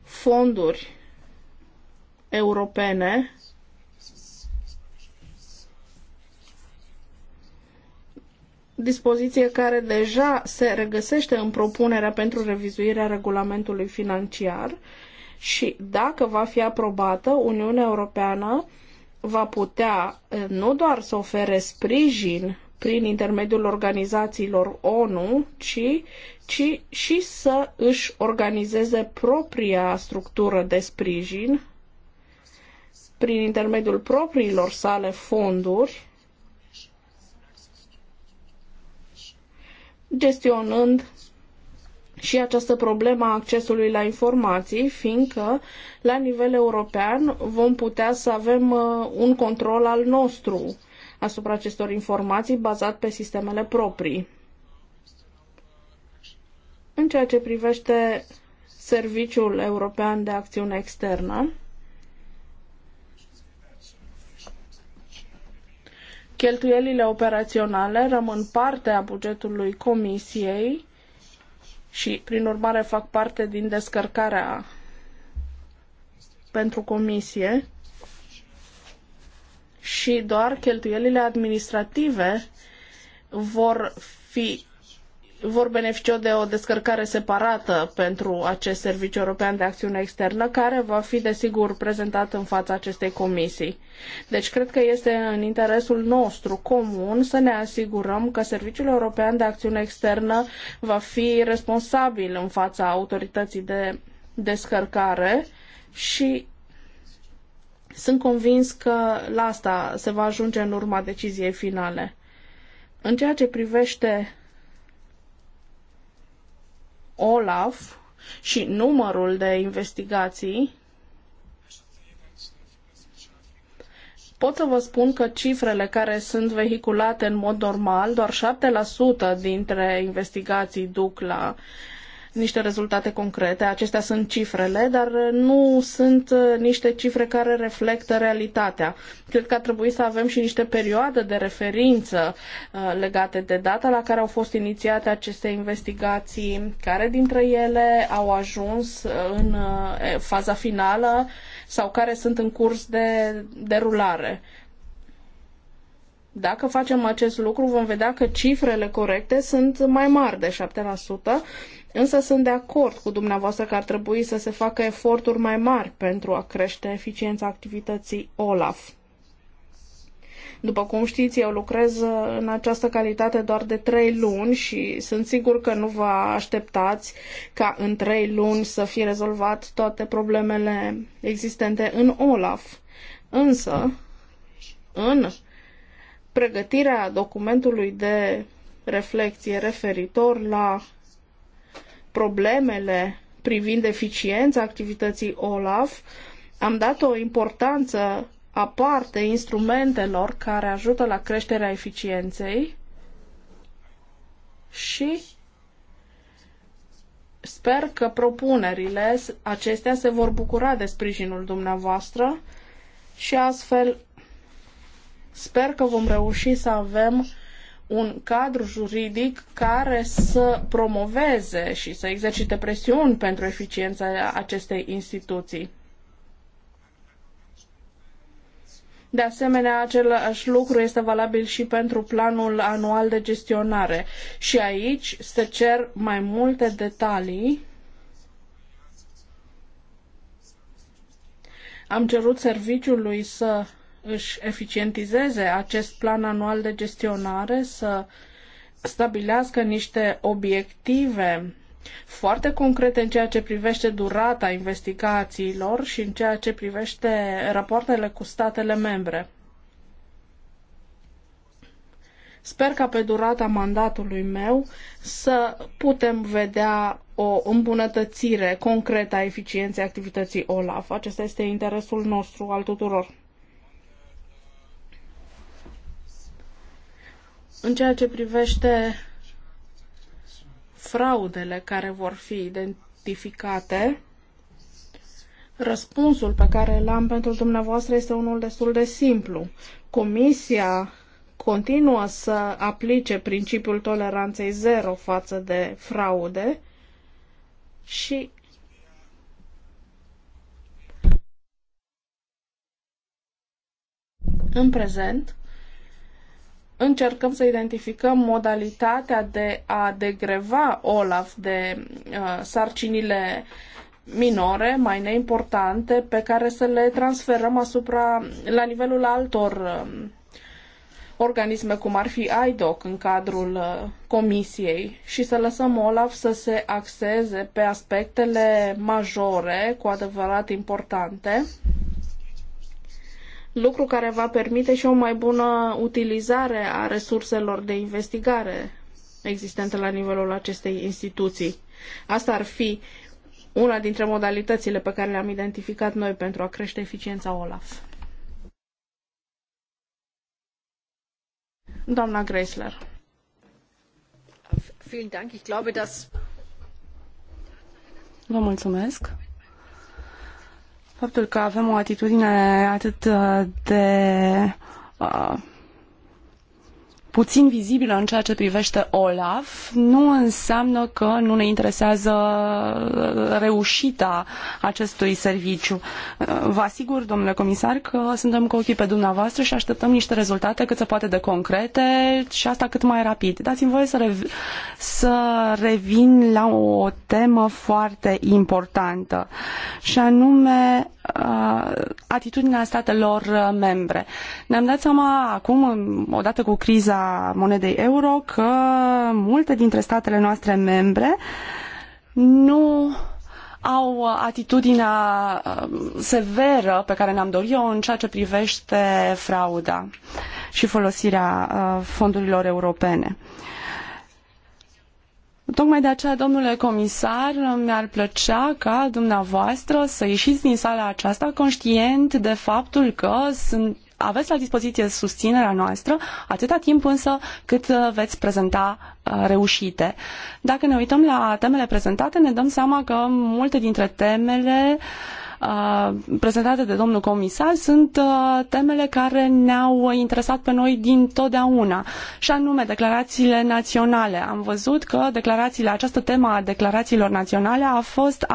fonduri europene dispoziție care deja se regăsește în propunerea pentru revizuirea regulamentului financiar și dacă va fi aprobată, Uniunea Europeană va putea eh, nu doar să ofere sprijin prin intermediul organizațiilor ONU, ci, ci și să își organizeze propria structură de sprijin prin intermediul propriilor sale fonduri gestionând și această problemă a accesului la informații, fiindcă la nivel european vom putea să avem uh, un control al nostru asupra acestor informații bazat pe sistemele proprii. În ceea ce privește Serviciul European de Acțiune Externă, Cheltuielile operaționale rămân parte a bugetului Comisiei și, prin urmare, fac parte din descărcarea pentru Comisie și doar cheltuielile administrative vor fi vor beneficia de o descărcare separată pentru acest Serviciu European de Acțiune Externă, care va fi, desigur, prezentat în fața acestei comisii. Deci, cred că este în interesul nostru comun să ne asigurăm că Serviciul European de Acțiune Externă va fi responsabil în fața autorității de descărcare și sunt convins că la asta se va ajunge în urma deciziei finale. În ceea ce privește OLAF și numărul de investigații, pot să vă spun că cifrele care sunt vehiculate în mod normal, doar 7% dintre investigații duc la niște rezultate concrete. Acestea sunt cifrele, dar nu sunt uh, niște cifre care reflectă realitatea. Cred că ar trebui să avem și niște perioade de referință uh, legate de data la care au fost inițiate aceste investigații, care dintre ele au ajuns uh, în faza finală sau care sunt în curs de derulare. Dacă facem acest lucru, vom vedea că cifrele corecte sunt mai mari de 7%, Însă sunt de acord cu dumneavoastră că ar trebui să se facă eforturi mai mari pentru a crește eficiența activității OLAF. După cum știți, eu lucrez uh, în această calitate doar de trei luni și sunt sigur că nu vă așteptați ca în trei luni să fie rezolvat toate problemele existente în OLAF. Însă, în pregătirea documentului de reflecție referitor la problemele privind eficiența activității OLAF, am dat o importanță aparte instrumentelor care ajută la creșterea eficienței și sper că propunerile acestea se vor bucura de sprijinul dumneavoastră și astfel sper că vom reuși să avem un cadru juridic care să promoveze și să exercite presiuni pentru eficiența acestei instituții. De asemenea, același lucru este valabil și pentru planul anual de gestionare. Și aici se cer mai multe detalii. Am cerut serviciului să își eficientizeze acest plan anual de gestionare, să stabilească niște obiective foarte concrete în ceea ce privește durata investigațiilor și în ceea ce privește rapoartele cu statele membre. Sper ca pe durata mandatului meu să putem vedea o îmbunătățire concretă a eficienței activității OLAF. Acesta este interesul nostru al tuturor. În ceea ce privește fraudele care vor fi identificate, răspunsul pe care l-am pentru dumneavoastră este unul destul de simplu. Comisia continuă să aplice principiul toleranței zero față de fraude și în prezent încercăm să identificăm modalitatea de a degreva Olaf de uh, sarcinile minore, mai neimportante, pe care să le transferăm asupra, la nivelul altor uh, organisme, cum ar fi IDOC în cadrul uh, comisiei și să lăsăm Olaf să se axeze pe aspectele majore, cu adevărat importante, lucru care va permite și o mai bună utilizare a resurselor de investigare existente la nivelul acestei instituții. Asta ar fi una dintre modalitățile pe care le-am identificat noi pentru a crește eficiența OLAF. Doamna Greisler. Vă mulțumesc. Faptul că avem o atitudine atât de uh, puțin vizibilă în ceea ce privește OLAF nu înseamnă că nu ne interesează uh, reușita acestui serviciu. Uh, vă asigur, domnule comisar, că suntem cu ochii pe dumneavoastră și așteptăm niște rezultate cât se poate de concrete și asta cât mai rapid. Dați-mi voie să, rev- să revin la o temă foarte importantă și anume uh, atitudinea statelor membre. Ne-am dat seama acum, odată cu criza monedei euro că multe dintre statele noastre membre nu au atitudinea um, severă pe care ne-am dorit-o în ceea ce privește frauda și folosirea uh, fondurilor europene. Tocmai de aceea, domnule comisar, mi-ar plăcea ca dumneavoastră să ieșiți din sala aceasta conștient de faptul că sunt aveți la dispoziție susținerea noastră, atâta timp însă cât uh, veți prezenta uh, reușite. Dacă ne uităm la temele prezentate, ne dăm seama că multe dintre temele uh, prezentate de domnul comisar sunt temele care ne-au interesat pe noi din totdeauna, și anume declarațiile naționale. Am văzut că declarațiile, această temă a declarațiilor naționale a fost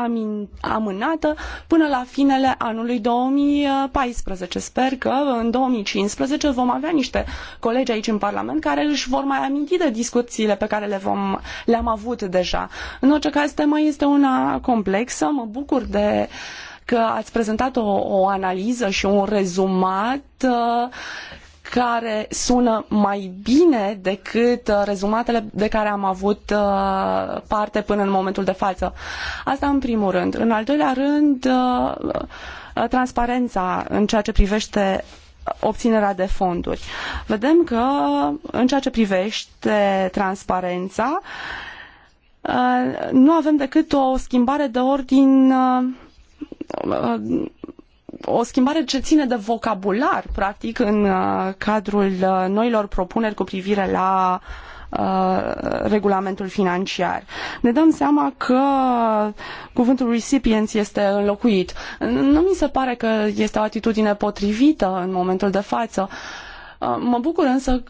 amânată până la finele anului 2014. Sper că în 2015 vom avea niște colegi aici în Parlament care își vor mai aminti de discuțiile pe care le vom, le-am avut deja. În orice caz, tema este una complexă. Mă bucur de uh, că ați prezentat o, o analiză și un rezumat uh, care sună mai bine decât uh, rezumatele de care am avut uh, parte până în momentul de față. Asta în primul rând. În al doilea rând, transparența în ceea ce privește obținerea de fonduri. Vedem că în ceea ce privește transparența, nu avem decât o schimbare de ordin o schimbare ce ține de vocabular, practic, în uh, cadrul uh, noilor propuneri cu privire la uh, regulamentul financiar. Ne dăm seama că cuvântul recipient este înlocuit. Nu mi se pare că este o atitudine potrivită în momentul de față. Mă bucur însă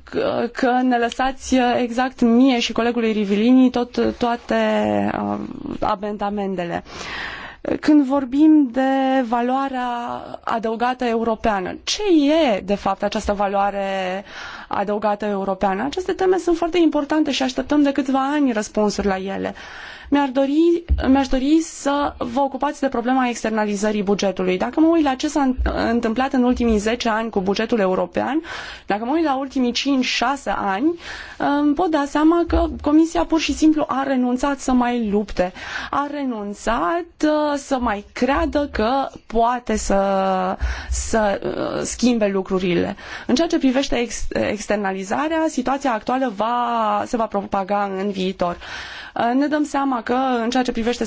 că ne lăsați exact mie și colegului Rivilini tot, toate amendamentele. Uh, când vorbim de valoarea adăugată europeană. Ce e, de fapt, această valoare adăugată europeană? Aceste teme sunt foarte importante și așteptăm de câțiva ani răspunsuri la ele mi-ar dori, mi-aș dori să vă ocupați de problema externalizării bugetului. Dacă mă uit la ce s-a întâmplat în ultimii zece ani cu bugetul european, dacă mă uit la ultimii cinci, 6 ani, îmi pot da seama că Comisia pur și simplu a renunțat să mai lupte. A renunțat uh, să mai creadă că poate să, să uh, schimbe lucrurile. În ceea ce privește externalizarea, situația actuală va, se va propaga în viitor. Uh, ne dăm seama că în ceea ce privește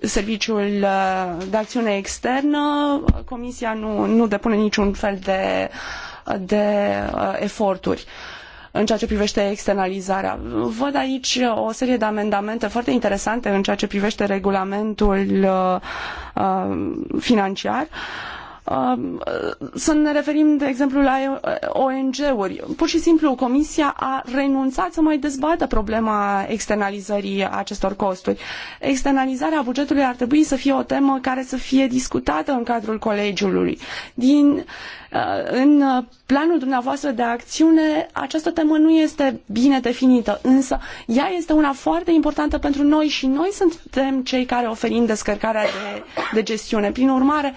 serviciul uh, de acțiune externă, Comisia nu, nu depune niciun fel de, de uh, eforturi în ceea ce privește externalizarea. Văd aici o serie de amendamente foarte interesante în ceea ce privește regulamentul financiar. Uh, Um, să ne referim, de exemplu, la ONG-uri. Pur și simplu, Comisia a renunțat să mai dezbată problema externalizării acestor costuri. Externalizarea bugetului ar trebui să fie o temă care să fie discutată în cadrul colegiului. Din, uh, în planul dumneavoastră de acțiune, această temă nu este bine definită, însă ea este una foarte importantă pentru noi și noi suntem cei care oferim descărcarea de, de gestiune. Prin urmare,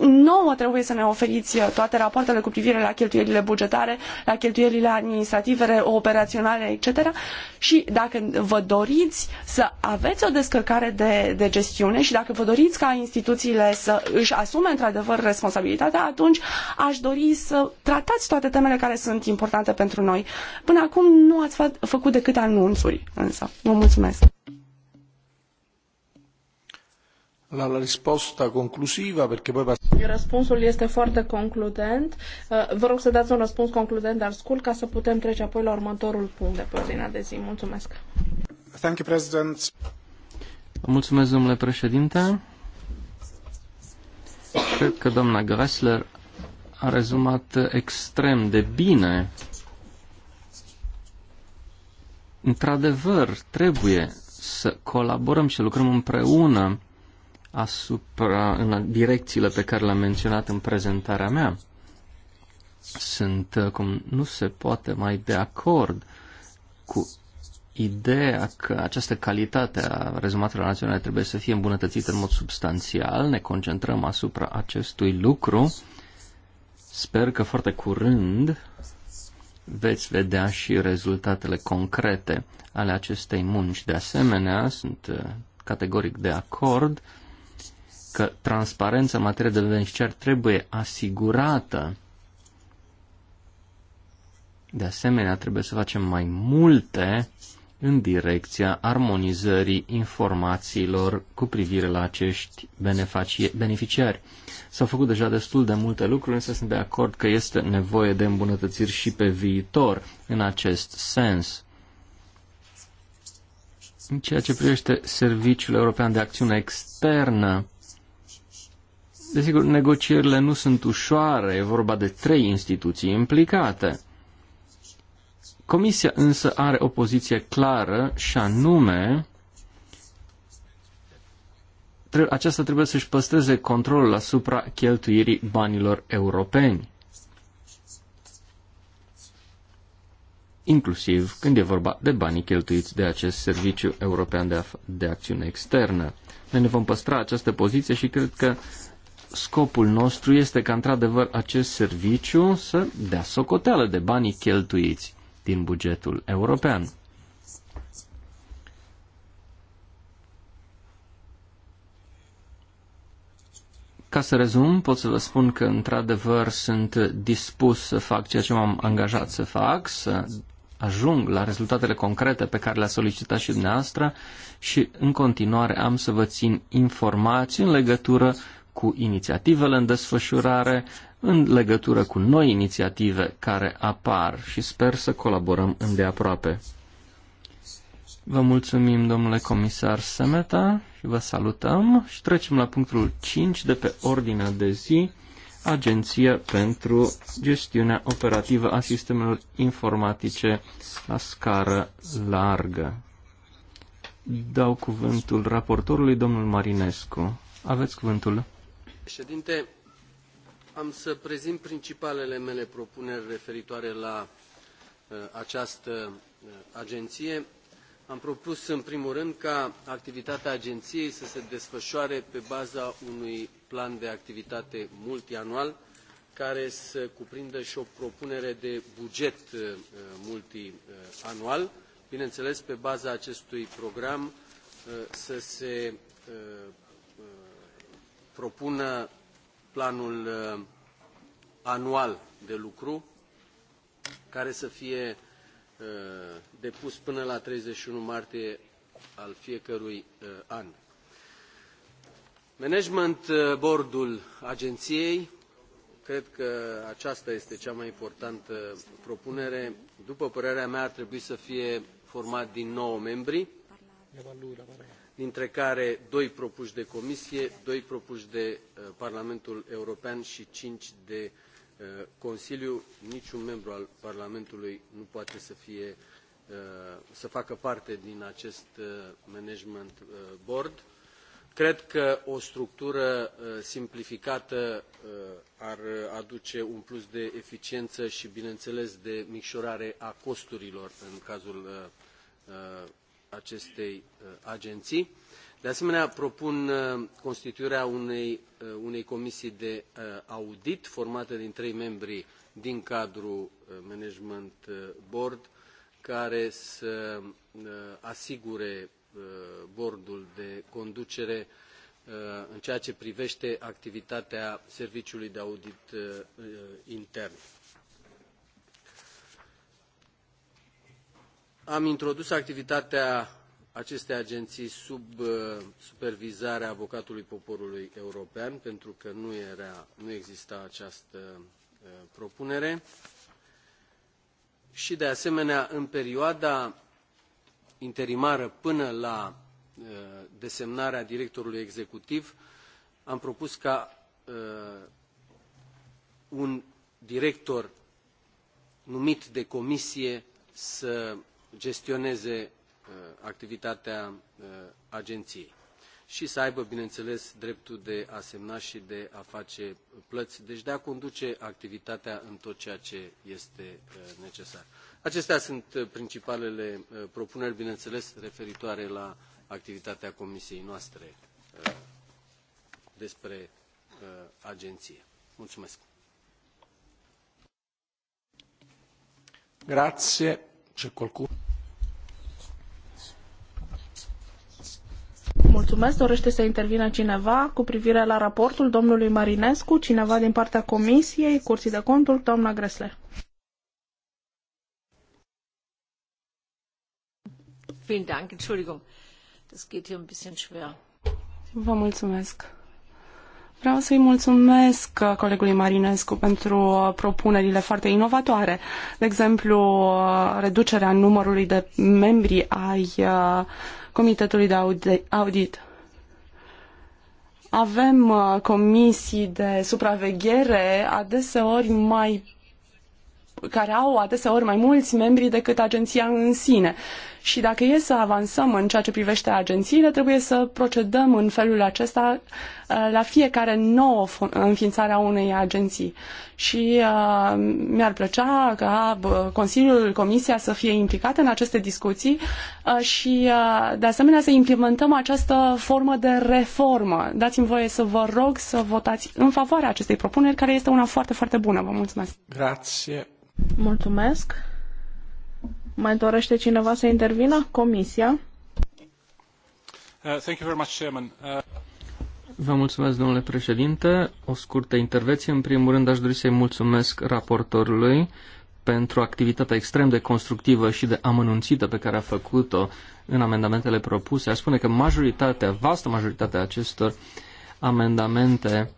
nouă nouă trebuie să ne oferiți uh, toate rapoartele cu privire la cheltuielile bugetare, la cheltuielile administrative, operaționale, etc. Și dacă vă doriți să aveți o descărcare de, de gestiune și dacă vă doriți ca instituțiile să își asume într-adevăr responsabilitatea, atunci aș dori să tratați toate temele care sunt importante pentru noi. Până acum nu ați făcut decât anunțuri, însă. Vă mulțumesc! la risposta conclusiva perché poi deci Răspunsul este foarte concludent. Uh, vă rog să dați un răspuns concludent dar scurt ca să putem trece apoi la următorul punct de pe ordinea de zi. Mulțumesc. Thank you, President. Mulțumesc, domnule președinte. Cred că doamna Gressler a rezumat extrem de bine. Într-adevăr, trebuie să colaborăm și lucrăm împreună asupra, în direcțiile pe care le-am menționat în prezentarea mea. Sunt uh, cum nu se poate mai de acord cu ideea că această calitate a rezumatelor naționale trebuie să fie îmbunătățită în mod substanțial. Ne concentrăm asupra acestui lucru. Sper că foarte curând veți vedea și rezultatele concrete ale acestei munci. De asemenea, sunt uh, categoric de acord că transparența în materie de beneficiar trebuie asigurată. De asemenea, trebuie să facem mai multe în direcția armonizării informațiilor cu privire la acești beneficiari. S-au făcut deja destul de multe lucruri, însă sunt de acord că este nevoie de îmbunătățiri și pe viitor în acest sens. În ceea ce privește Serviciul European de Acțiune Externă, Desigur, negocierile nu sunt ușoare, e vorba de trei instituții implicate. Comisia însă are o poziție clară și anume aceasta trebuie să-și păstreze controlul asupra cheltuirii banilor europeni. inclusiv când e vorba de banii cheltuiți de acest Serviciu European de, Af- de Acțiune Externă. Noi ne vom păstra această poziție și cred că Scopul nostru este ca într-adevăr acest serviciu să dea socoteală de banii cheltuiți din bugetul european. Ca să rezum, pot să vă spun că într-adevăr sunt dispus să fac ceea ce m-am angajat să fac, să ajung la rezultatele concrete pe care le-a solicitat și dumneavoastră și în continuare am să vă țin informații în legătură cu inițiativele în desfășurare, în legătură cu noi inițiative care apar și sper să colaborăm îndeaproape. Vă mulțumim, domnule comisar Semeta, și vă salutăm și trecem la punctul 5 de pe ordinea de zi, Agenția pentru gestiunea operativă a sistemelor informatice la scară largă. Dau cuvântul raportorului, domnul Marinescu. Aveți cuvântul am să prezint principalele mele propuneri referitoare la uh, această uh, agenție. Am propus, în primul rând, ca activitatea agenției să se desfășoare pe baza unui plan de activitate multianual, care să cuprindă și o propunere de buget uh, multianual. Bineînțeles, pe baza acestui program uh, să se uh, propună planul uh, anual de lucru, care să fie uh, depus până la 31 martie al fiecărui uh, an. Management Boardul agenției, cred că aceasta este cea mai importantă propunere, după părerea mea ar trebui să fie format din 9 membri dintre care doi propuși de Comisie, doi propuși de uh, Parlamentul European și cinci de uh, Consiliu. Niciun membru al Parlamentului nu poate să fie uh, să facă parte din acest management board. Cred că o structură simplificată ar aduce un plus de eficiență și, bineînțeles, de micșorare a costurilor în cazul acestei uh, agenții. De asemenea, propun uh, constituirea unei, uh, unei comisii de audit formată din trei membri din cadrul Management Board, care să asigure bordul de conducere în ceea ce privește activitatea Serviciului de Audit Intern. Am introdus activitatea acestei agenții sub uh, supervizarea avocatului poporului european, pentru că nu, era, nu exista această uh, propunere. Și, de asemenea, în perioada interimară până la uh, desemnarea directorului executiv, am propus ca un director numit de comisie să gestioneze uh, activitatea uh, agenției și să aibă, bineînțeles, dreptul de a semna și de a face plăți, deci de a conduce activitatea în tot ceea ce este uh, necesar. Acestea sunt principalele propuneri, bineînțeles, referitoare la activitatea comisiei noastre despre agenție. Mulțumesc! Grazie. C'è qualcuno? Mulțumesc. Dorește să intervină cineva cu privire la raportul domnului Marinescu, cineva din partea Comisiei, Curții de Conturi, doamna Gresle. Vă mulțumesc. Vreau să-i mulțumesc colegului Marinescu pentru propunerile foarte inovatoare. De exemplu, reducerea numărului de membri ai uh, Comitetului de Audit. Avem uh, comisii de supraveghere adeseori mai care au adeseori mai mulți membri decât agenția în sine. Și dacă e să avansăm în ceea ce privește agențiile, trebuie să procedăm în felul acesta uh, la fiecare nouă înființare a unei agenții. Și uh, mi-ar plăcea ca Consiliul, Comisia să fie implicate în aceste discuții uh, și de asemenea să implementăm această formă de reformă. Dați-mi voie să vă rog să votați în favoarea acestei propuneri, care este una foarte, foarte bună. Vă mulțumesc! Grazie. Mulțumesc. Mai dorește cineva să intervină? Comisia. Uh, thank you very much, Chairman. Uh, Vă mulțumesc, domnule președinte. O scurtă intervenție. În primul rând, aș dori să-i mulțumesc raportorului pentru activitatea extrem de constructivă și de amănunțită pe care a făcut-o în amendamentele propuse. Aș spune că majoritatea, vastă majoritatea acestor amendamente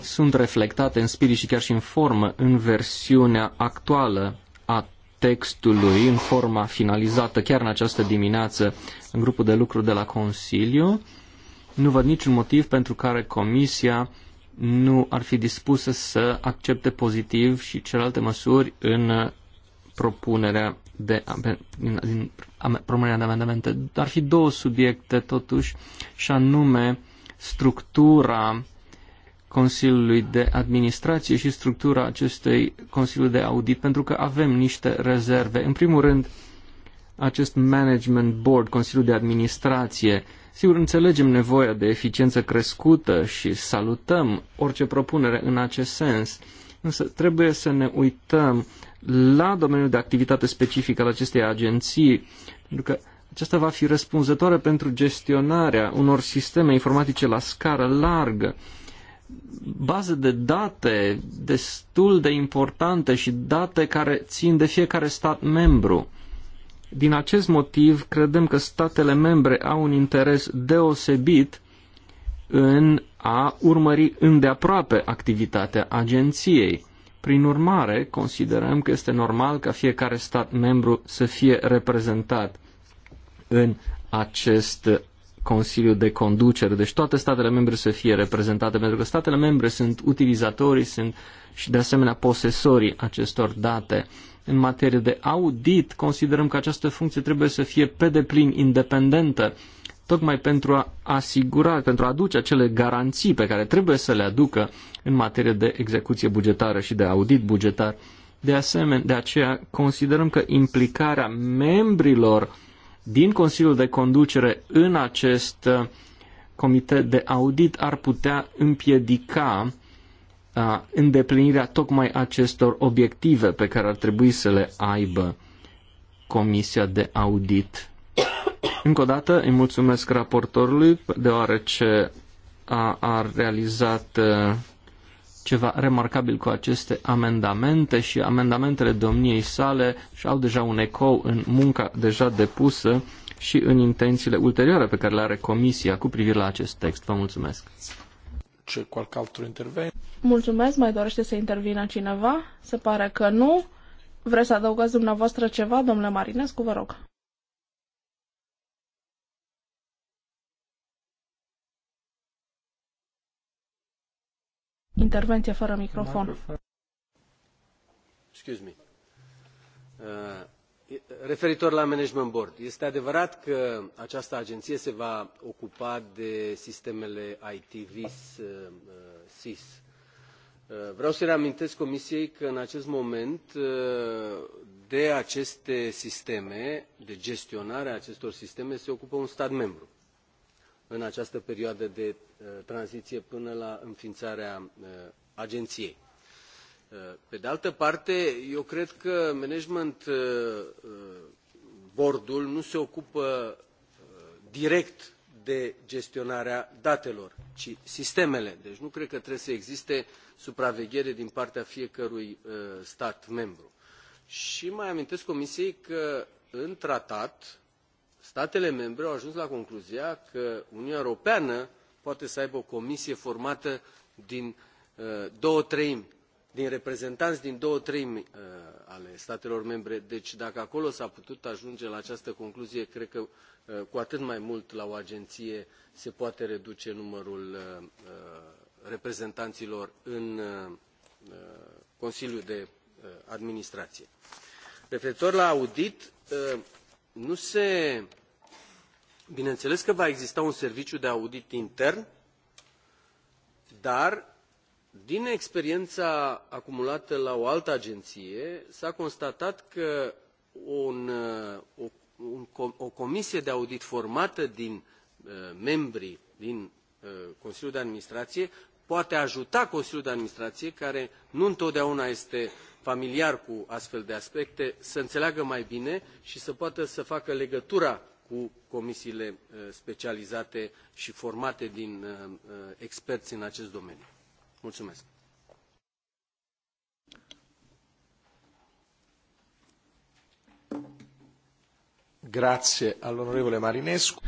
sunt reflectate în spirit și chiar și în formă în versiunea actuală a textului, în forma finalizată chiar în această dimineață în grupul de lucru de la Consiliu. Nu văd niciun motiv pentru care Comisia nu ar fi dispusă să accepte pozitiv și celelalte măsuri în propunerea de, din propunerea de amendamente. Ar fi două subiecte, totuși, și anume structura Consiliului de Administrație și structura acestui Consiliu de Audit, pentru că avem niște rezerve. În primul rând, acest Management Board, Consiliul de Administrație, sigur înțelegem nevoia de eficiență crescută și salutăm orice propunere în acest sens, însă trebuie să ne uităm la domeniul de activitate specific al acestei agenții, pentru că aceasta va fi răspunzătoare pentru gestionarea unor sisteme informatice la scară largă, baze de date destul de importante și date care țin de fiecare stat membru. Din acest motiv, credem că statele membre au un interes deosebit în a urmări îndeaproape activitatea agenției. Prin urmare, considerăm că este normal ca fiecare stat membru să fie reprezentat în acest Consiliul de Conducere. Deci toate statele membre să fie reprezentate, pentru că statele membre sunt utilizatorii, sunt și de asemenea posesorii acestor date. În materie de audit, considerăm că această funcție trebuie să fie pe deplin independentă, tocmai pentru a asigura, pentru a aduce acele garanții pe care trebuie să le aducă în materie de execuție bugetară și de audit bugetar. De asemenea, de aceea considerăm că implicarea membrilor din Consiliul de Conducere în acest uh, comitet de audit ar putea împiedica uh, îndeplinirea tocmai acestor obiective pe care ar trebui să le aibă Comisia de Audit. *coughs* Încă o dată îi mulțumesc raportorului deoarece a, a realizat uh, ceva remarcabil cu aceste amendamente și amendamentele domniei sale și au deja un ecou în munca deja depusă și în intențiile ulterioare pe care le are Comisia cu privire la acest text. Vă mulțumesc. Ce qualche altul interven? Mulțumesc. Mai dorește să intervină cineva? Se pare că nu. Vreți să adăugați dumneavoastră ceva, domnule Marinescu? Vă rog. Intervenție fără microfon. Excuse me. Uh referitor la management board este adevărat că această agenție se va ocupa de sistemele it vis sis. Uh, uh, uh, vreau să reamintesc comisiei că în acest moment de aceste sisteme de gestionarea acestor sisteme se ocupă un stat membru în această perioadă de uh, tranziție până la înființarea uh, agenției. Uh, pe de altă parte, eu cred că management boardul nu se ocupă direct de gestionarea datelor, ci sistemele. Deci nu cred că trebuie să existe supraveghere din partea fiecărui stat membru. Și mai amintesc Comisiei că în tratat statele membre au ajuns la concluzia că uniunea europeană poate să aibă o comisie formată din uh, două treimi din reprezentanți din două treimi uh, ale statelor membre deci dacă acolo s a putut ajunge la această concluzie cred că uh, cu atât mai mult la o agenție se poate reduce numărul reprezentanților în consiliul de administrație. referitor la audit nu se... Bineînțeles că va exista un serviciu de audit intern, dar din experiența acumulată la o altă agenție s-a constatat că un, uh, o, un, o comisie de audit formată din uh, membrii din uh, Consiliul de Administrație poate ajuta Consiliul de Administrație, care nu întotdeauna este familiar cu astfel de aspecte să înțeleagă mai bine și să poată să facă legătura cu comisiile uh, specializate și formate din uh, uh, experți în acest domeniu. Mulțumesc! Grazie all'onorevole Marinescu.